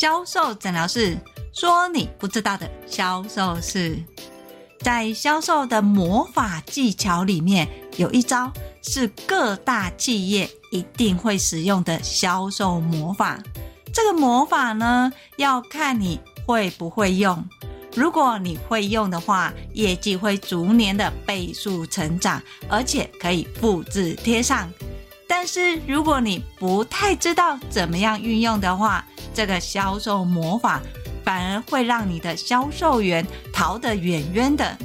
銷售診療室說：“你不知道的銷售事。在銷售的魔法技巧裡面，有一招是各大企業一定會使用的銷售魔法。這個魔法呢，要看你會不會用。如果你會用的話，業績會逐年的倍數成長，而且可以複製貼上。”但是，如果你不太知道怎麼樣運用的話，這個銷售魔法反而會讓你的銷售員逃得遠遠的。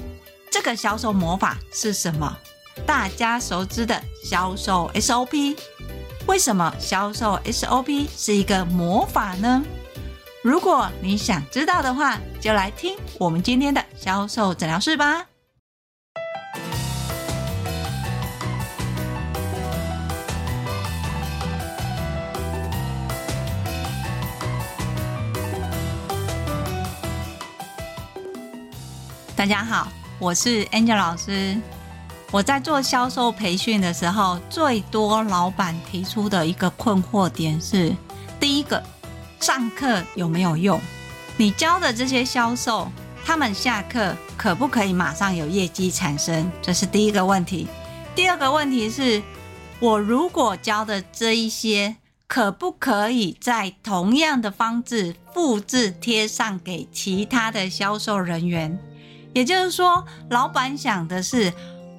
這個銷售魔法是什麼？大家熟知的銷售 SOP。為什麼銷售 SOP 是一個魔法呢？如果你想知道的話，就來聽我們今天的銷售診療室吧。大家好，我是 Angel 老師。我在做銷售培訓的時候，最多老闆提出的一個困惑點是：第一個，上課有沒有用？你教的這些銷售，他們下課可不可以馬上有業績產生？這是第一個問題。第二個問題是，我如果教的這一些，可不可以在同樣的方式複製貼上給其他的銷售人員？也就是說，老闆想的是，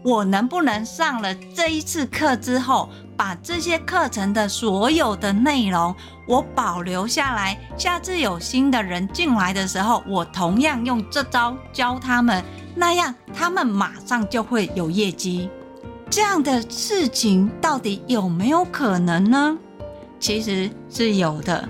我能不能上了這一次課之後，把這些課程的所有的內容我保留下來，下次有新的人進來的時候，我同樣用這招教他們，那樣他們馬上就會有業績。這樣的事情到底有沒有可能呢？其實是有的。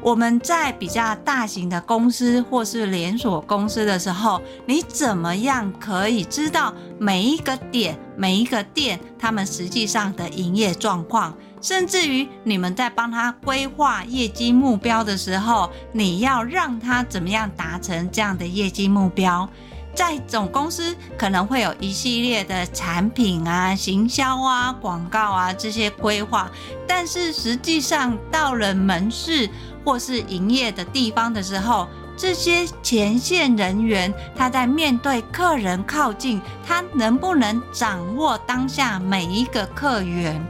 我們在比較大型的公司或是連鎖公司的時候，你怎麼樣可以知道每一個點、每一個店他們實際上的營業狀況？甚至於你們在幫他規劃業績目標的時候，你要讓他怎麼樣達成這樣的業績目標？在總公司可能會有一系列的產品啊、行銷啊、廣告啊這些規劃，但是實際上到了門市，或是營業的地方的時候，這些前線人員，他在面對客人靠近，他能不能掌握當下每一個客源？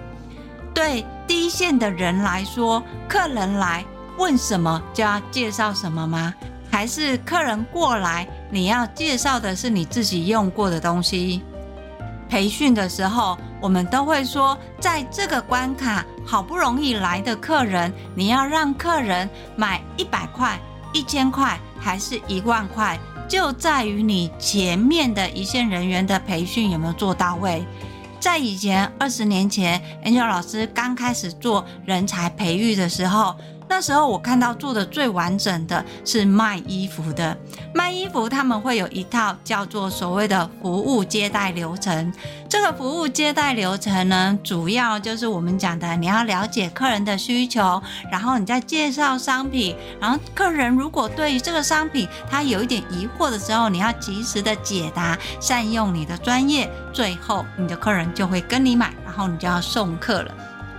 對第一線的人來說，客人來問什麼就要介紹什麼嗎？還是客人過來，你要介紹的是你自己用過的東西？培訓的時候，我們都會說，在這個關卡，好不容易來的客人，你要讓客人買一百塊、一千塊，還是一萬塊，就在於你前面的一線人員的培訓有沒有做到位。在以前，二十年前，Angel 老師剛開始做人才培育的時候，那時候我看到做的最完整的是賣衣服的，賣衣服他們會有一套叫做所謂的服務接待流程。這個服務接待流程呢，主要就是我們講的，你要了解客人的需求，然後你再介紹商品，然後客人如果對於這個商品他有一點疑惑的時候，你要及時的解答，善用你的專業，最後你的客人就會跟你買，然後你就要送客了，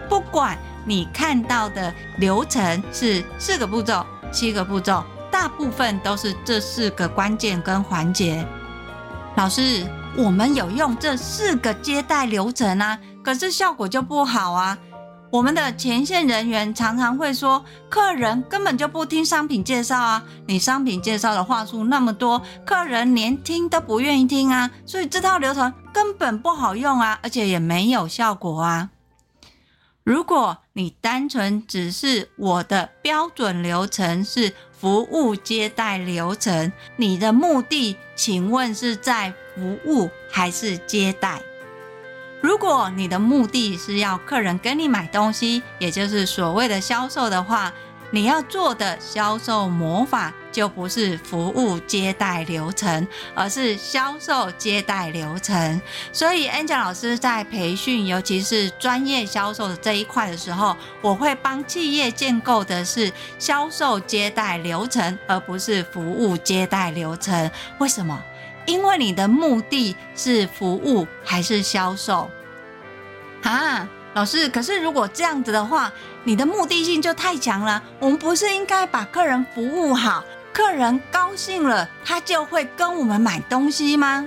不管。你看到的流程是四個步驟、七個步驟，大部分都是這四個關鍵跟環節。老師，我們有用這四個接待流程啊，可是效果就不好啊。我們的前線人員常常會說，客人根本就不聽商品介紹啊，你商品介紹的話術那麼多，客人連聽都不願意聽啊，所以這套流程根本不好用啊，而且也沒有效果啊。如果你單純只是我的標準流程是服務接待流程，你的目的請問是在服務還是接待？如果你的目的是要客人跟你買東西，也就是所謂的銷售的話，你要做的銷售魔法。就不是服務接待流程，而是銷售接待流程。所以 Angel 老師在培訓，尤其是專業銷售的這一塊的時候，我會幫企業建構的是銷售接待流程，而不是服務接待流程。為什麼？因為你的目的是服務還是銷售？啊，老師，可是如果這樣子的話，你的目的性就太強了。我們不是應該把客人服務好？客人高興了，他就會跟我們買東西嗎？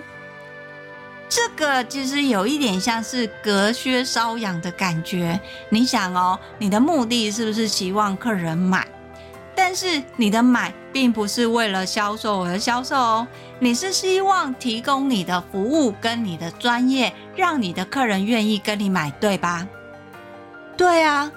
這個其實有一點像是隔靴搔癢的感覺。你想哦、喔，你的目的是不是希望客人買？但是你的買並不是為了銷售而銷售哦、喔，你是希望提供你的服務跟你的專業，讓你的客人願意跟你買，對吧？對啊。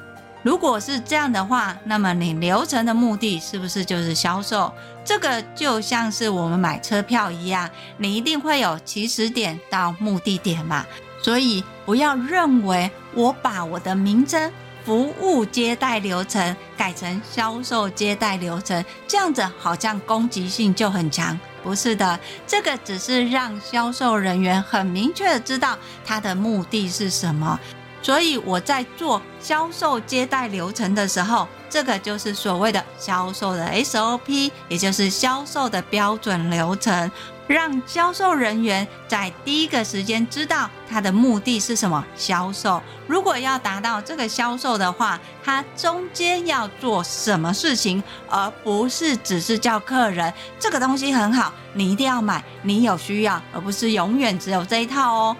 如果是這樣的話，那麼你流程的目的是不是就是銷售？這個就像是我們買車票一樣，你一定會有起始點到目的地嘛。所以不要認為我把我的名稱、服務接待流程改成銷售接待流程，這樣子好像攻擊性就很強。不是的，這個只是讓銷售人員很明確的知道他的目的是什麼。所以我在做銷售接待流程的時候，這個就是所謂的銷售的 SOP，也就是銷售的標準流程，讓銷售人員在第一個時間知道他的目的是什麼，銷售。如果要達到這個銷售的話，他中間要做什麼事情，而不是只是叫客人這個東西很好，你一定要買，你有需要，而不是永遠只有這一套喔。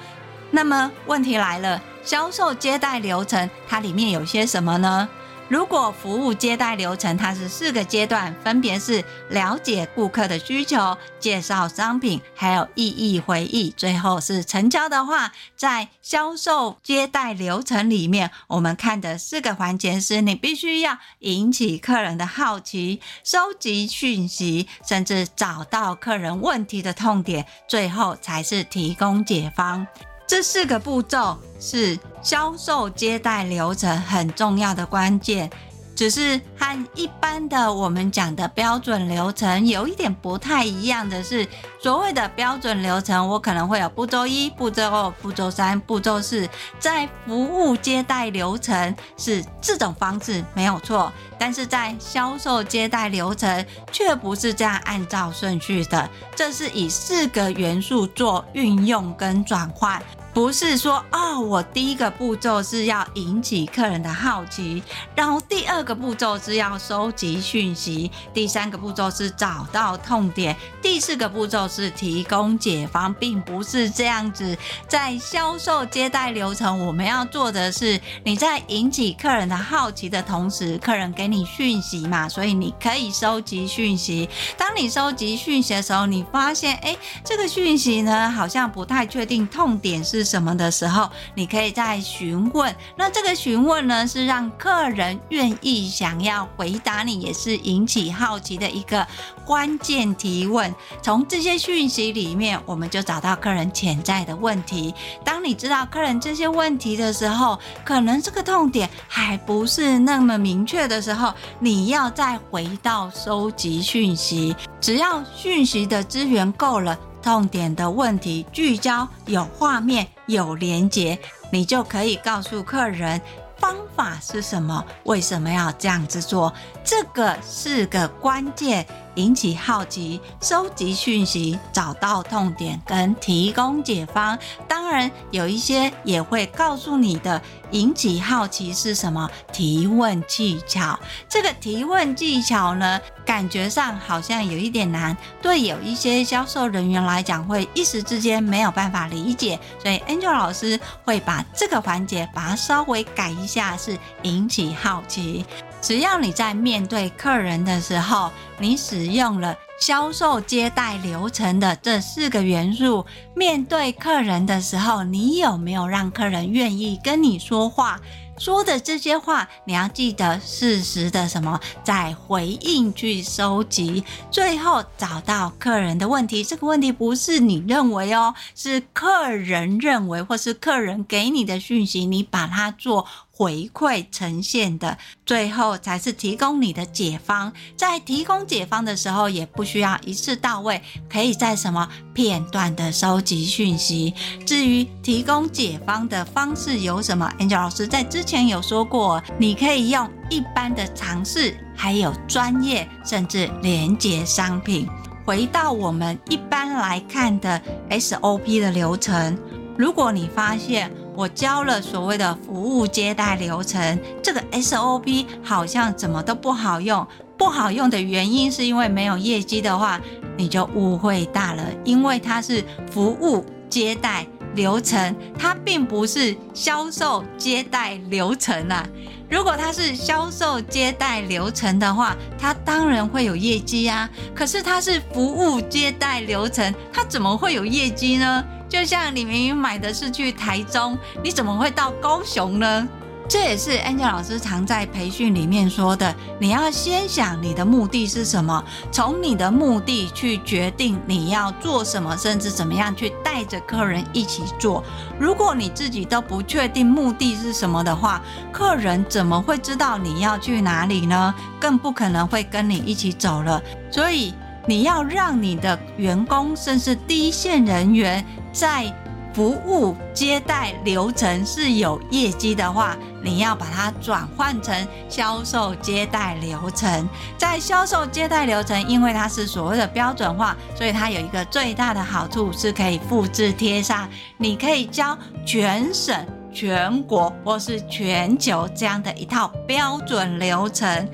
那麼問題來了。銷售接待流程，它裡面有些什麼呢？如果服務接待流程，它是四個階段，分別是了解顧客的需求、介紹商品、還有異議回應，最後是成交的話，在銷售接待流程裡面，我們看的四個環節是：你必須要引起客人的好奇，收集訊息，甚至找到客人問題的痛點，最後才是提供解方。這四個步驟是銷售接待流程很重要的關鍵，只是和一般的我們講的標準流程有一點不太一樣的是，所謂的標準流程，我可能會有步驟一、步驟二、步驟三、步驟四，在服務接待流程是這種方式沒有錯。但是在銷售接待流程卻不是這樣按照順序的，這是以四個元素做運用跟轉換，不是說啊、哦，我第一個步驟是要引起客人的好奇，然後第二個步驟是要收集訊息，第三個步驟是找到痛點，第四個步驟是提供解方，並不是這樣子。在銷售接待流程，我們要做的是你在引起客人的好奇的同時，客人給。給你訊息嘛，所以你可以收集訊息。當你收集訊息的時候，你發現哎、欸，這個訊息呢好像不太確定痛點是什麼的時候，你可以再詢問。那這個詢問呢，是讓客人願意想要回答你，也是引起好奇的一個關鍵提問。從這些訊息裡面，我們就找到客人潛在的問題。當你知道客人這些問題的時候，可能這個痛點還不是那麼明確的時候。然後，你要再回到收集訊息，只要訊息的資源夠了，痛點的問題聚焦，有畫面，有連接，你就可以告訴客人方法是什麼，為什麼要這樣子做，這個是個關鍵。引起好奇，收集訊息，找到痛點跟提供解方。當然，有一些也會告訴你的引起好奇是什麼？提問技巧。這個提問技巧呢，感覺上好像有一點難，對有一些銷售人員來講，會一時之間沒有辦法理解。所以，Angel 老師會把這個環節把它稍微改一下，是引起好奇。只要你在面對客人的時候，你使用了銷售接待流程的這四個元素。面對客人的時候，你有沒有讓客人願意跟你說話？說的這些話，你要記得適時的什麼再回應，去收集，最後找到客人的問題。這個問題不是你認為哦，是客人認為，或是客人給你的訊息，你把它做。回饋呈現的最後才是提供你的解方，在提供解方的時候，也不需要一次到位，可以在什麼片段的收集訊息。至於提供解方的方式有什麼，Angel 老師在之前有說過，你可以用一般的嘗試，還有專業甚至連接商品。回到我們一般來看的 SOP 的流程，如果你發現。我教了所謂的服務接待流程，這個 SOP 好像怎麼都不好用。不好用的原因是因為沒有業績的話，你就誤會大了。因為它是服務接待流程，它並不是銷售接待流程啊。如果它是銷售接待流程的話，它當然會有業績啊。可是它是服務接待流程，它怎麼會有業績呢？就像你明明買的是去台中，你怎麼會到高雄呢？這也是 Angel 老師常在培訓裡面說的：你要先想你的目的是什麼，從你的目的去決定你要做什麼，甚至怎麼樣去帶着客人一起做。如果你自己都不確定目的是什麼的話，客人怎麼會知道你要去哪裡呢？更不可能會跟你一起走了。所以你要讓你的員工，甚至第一線人員。在服務接待流程是有業績的話，你要把它轉換成銷售接待流程。在銷售接待流程，因為它是所謂的標準化，所以它有一個最大的好處是可以複製貼上。你可以教全省、全國或是全球這樣的一套標準流程，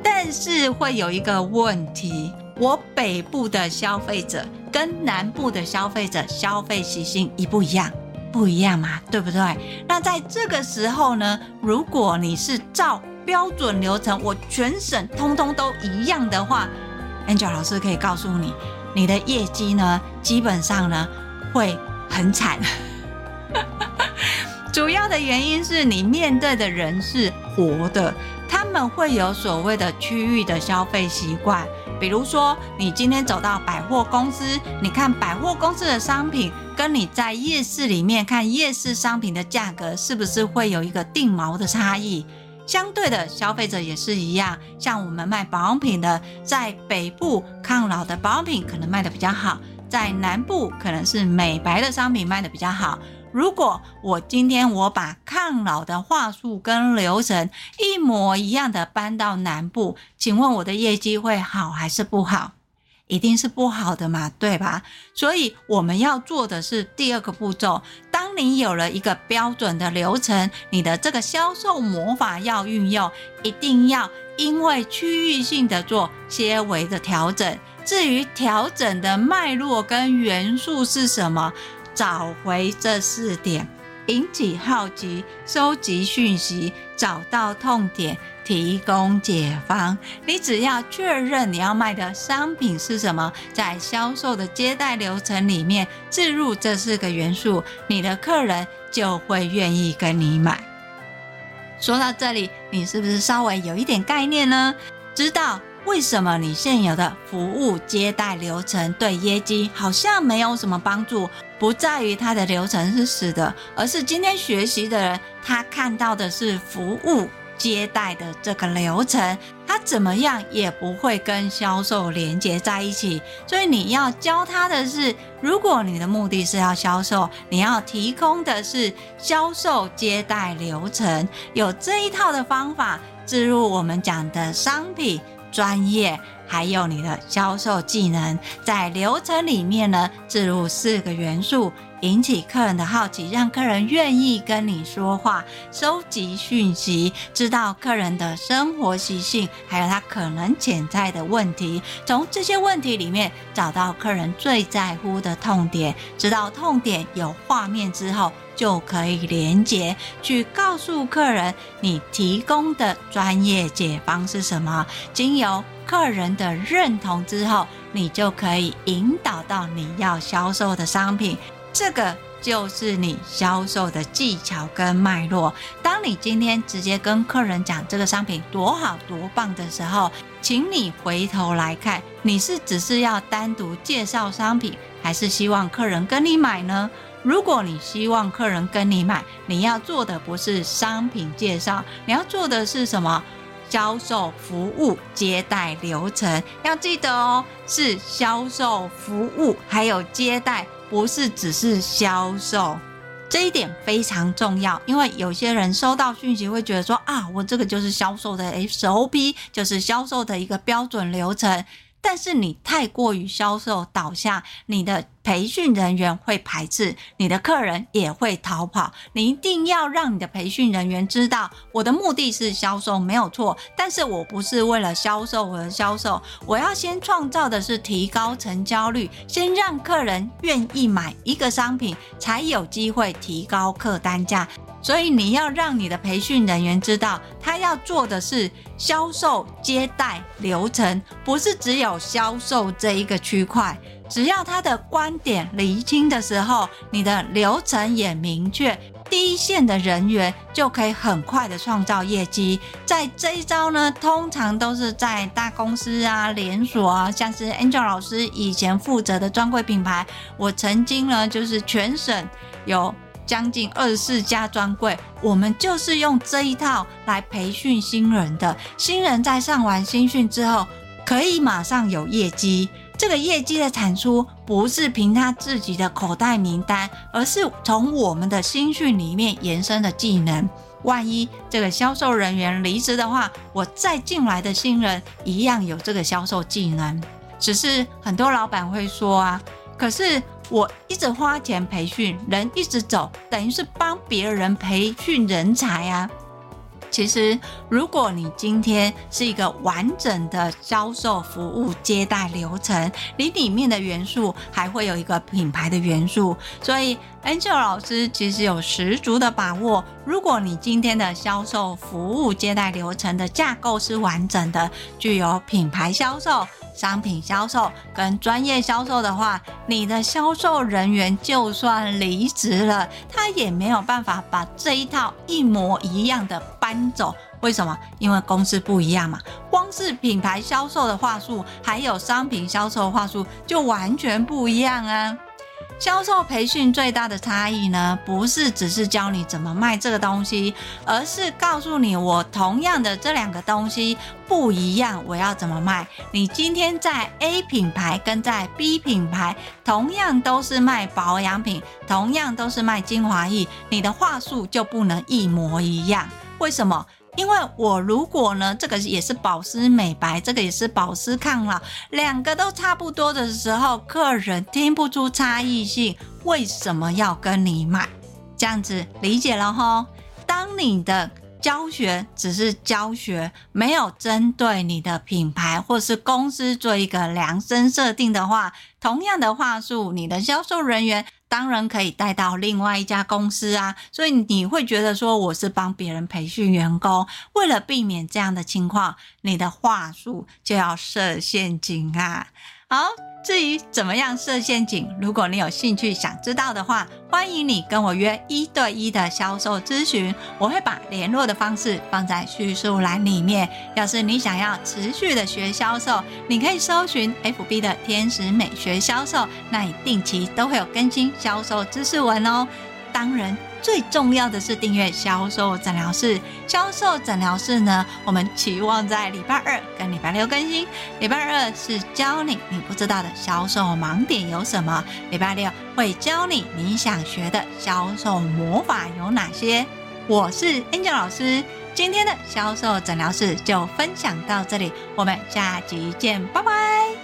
但是會有一個問題：我北部的消費者。跟南部的消費者消費習性一不一樣？不一樣嘛，對不對？那在這個時候呢，如果你是照標準流程，我全省通通都一樣的話，Angel 老師可以告訴你，你的業績呢，基本上呢會很慘。主要的原因是你面對的人是活的，他們會有所謂的區域的消費習慣。比如說，你今天走到百貨公司，你看百貨公司的商品，跟你在夜市裡面看夜市商品的價格，是不是會有一個定毛的差異？相對的，消費者也是一樣。像我們賣保養品的，在北部抗老的保養品可能賣得比較好，在南部可能是美白的商品賣得比較好。如果我今天我把抗老的話術跟流程一模一樣的搬到南部，請問我的業績會好還是不好？一定是不好的嘛，對吧？所以我們要做的是第二個步驟。當你有了一個標準的流程，你的這個銷售魔法要運用，一定要因為區域性的做些微的調整。至於調整的脈絡跟元素是什麼？找回這四點，引起好奇、收集訊息、找到痛點、提供解方。你只要確認你要賣的商品是什麼，在銷售的接待流程裡面置入這四個元素，你的客人就會願意跟你買。說到這裡，你是不是稍微有一點概念呢？知道。為什麼你現有的服務接待流程對業績好像沒有什麼幫助？不在於它的流程是死的，而是今天學習的人，他看到的是服務接待的這個流程，他怎麼樣也不會跟銷售連接在一起。所以你要教他的是，如果你的目的是要銷售，你要提供的是銷售接待流程，有這一套的方法，置入我們講的商品。專業，還有你的銷售技能，在流程裡面呢，置入四個元素。引起客人的好奇，讓客人願意跟你說話，收集訊息，知道客人的生活習性，還有他可能潛在的問題。從這些問題裡面找到客人最在乎的痛點，知道痛點有畫面之後，就可以連接去告訴客人你提供的專業解方是什麼。經由客人的認同之後，你就可以引導到你要銷售的商品。這個就是你銷售的技巧跟脈絡。當你今天直接跟客人講這個商品多好多棒的時候，請你回頭來看，你是只是要單獨介紹商品，還是希望客人跟你買呢？如果你希望客人跟你買，你要做的不是商品介紹，你要做的是什麼？銷售服務接待流程。要記得哦，是銷售服務還有接待。不是只是銷售，這一點非常重要，因為有些人收到訊息會覺得說：“啊，我這個就是銷售的，SOP 就是銷售的一個標準流程。”但是你太過於銷售，導向你的，培訓人員會排斥，你的客人也會逃跑。你一定要讓你的培訓人員知道，我的目的是銷售沒有錯，但是我不是為了銷售而銷售，我要先創造的是提高成交率，先讓客人願意買一個商品，才有機會提高客單價。所以你要讓你的培訓人員知道，他要做的是銷售接待流程，不是只有銷售這一個區塊。只要他的觀點釐清的時候，你的流程也明確，第一線的人員就可以很快的創造業績。在這一招呢，通常都是在大公司啊、連鎖啊，像是 Angel 老師以前負責的專櫃品牌，我曾經呢就是全省有將近二十四家專櫃，我們就是用這一套來培訓新人的。新人在上完新訓之後，可以馬上有業績。這個業績的產出不是憑他自己的口袋名單，而是從我們的新訓裡面延伸的技能。萬一這個銷售人員離職的話，我再進來的新人一樣有這個銷售技能。只是很多老板會說啊，可是我一直花錢培訓，人一直走，等於是幫別人培訓人才啊。其實，如果你今天是一個完整的銷售服務接待流程，你裡面的元素還會有一個品牌的元素，所以 Angel 老師其實有十足的把握，如果你今天的銷售服務接待流程的架構是完整的，具有品牌銷售。商品銷售跟專業銷售的話，你的銷售人員就算離職了，他也沒有辦法把這一套一模一樣的搬走。為什麼？因為公司不一樣嘛。光是品牌銷售的話術，還有商品銷售的話術，就完全不一樣啊。銷售培訓最大的差異呢，不是只是教你怎麼賣這個東西，而是告訴你我同樣的這兩個東西不一樣，我要怎麼賣。你今天在 A 品牌跟在 B 品牌，同樣都是賣保養品，同樣都是賣精華液，你的話術就不能一模一樣。為什麼？因為我如果呢，這個也是保濕美白，這個也是保濕抗老，兩個都差不多的時候，客人聽不出差異性，為什麼要跟你買？這樣子理解了吼。當你的教學只是教學，沒有針對你的品牌或是公司做一個量身設定的話，同樣的話術，你的銷售人員。當然可以帶到另外一家公司啊，所以你會覺得說，我是幫別人培訓員工，為了避免這樣的情況，你的話術就要設陷阱啊。好，至於怎麼樣設陷阱，如果你有興趣想知道的話，歡迎你跟我約一對一的銷售諮詢，我會把聯絡的方式放在敘述欄裡面。要是你想要持續的學銷售，你可以搜尋 FB 的天使美學銷售，那你定期都會有更新銷售知識文哦。當然。最重要的是訂閱銷售診療室。銷售診療室呢，我們期望在禮拜二跟禮拜六更新。禮拜二是教你你不知道的銷售盲點有什麼，禮拜六會教你你想學的銷售魔法有哪些。我是 Angel 老師，今天的銷售診療室就分享到這裡，我們下集見，拜拜。